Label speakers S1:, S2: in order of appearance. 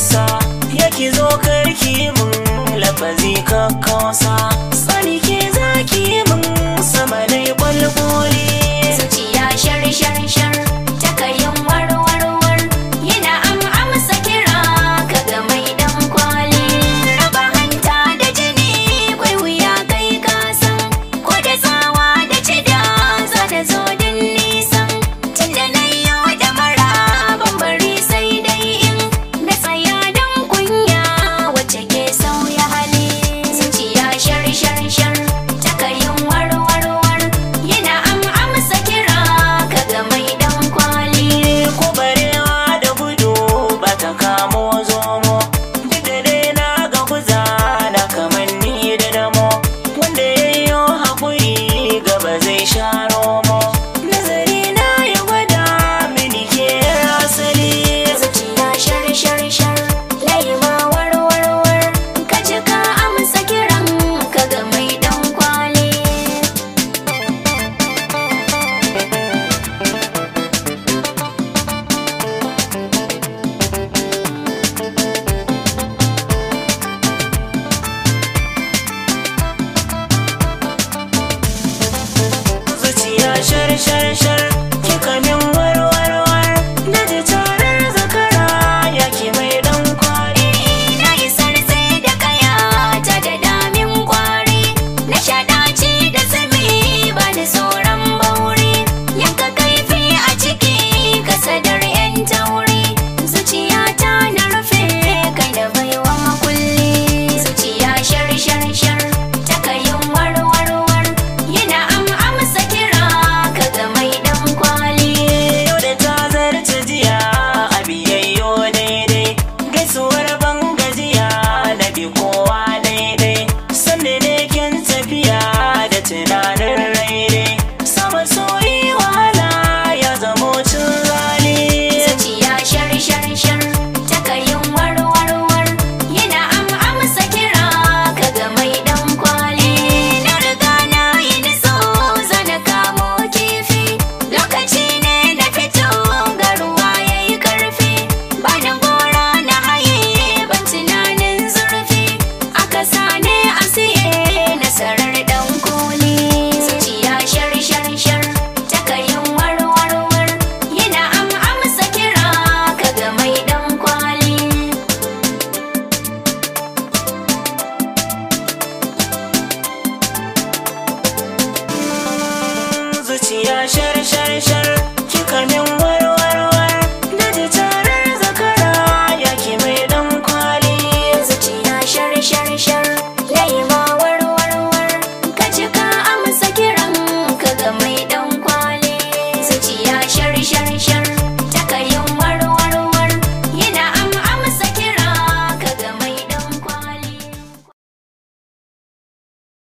S1: sa yake zo karki mun lafazi kakkausa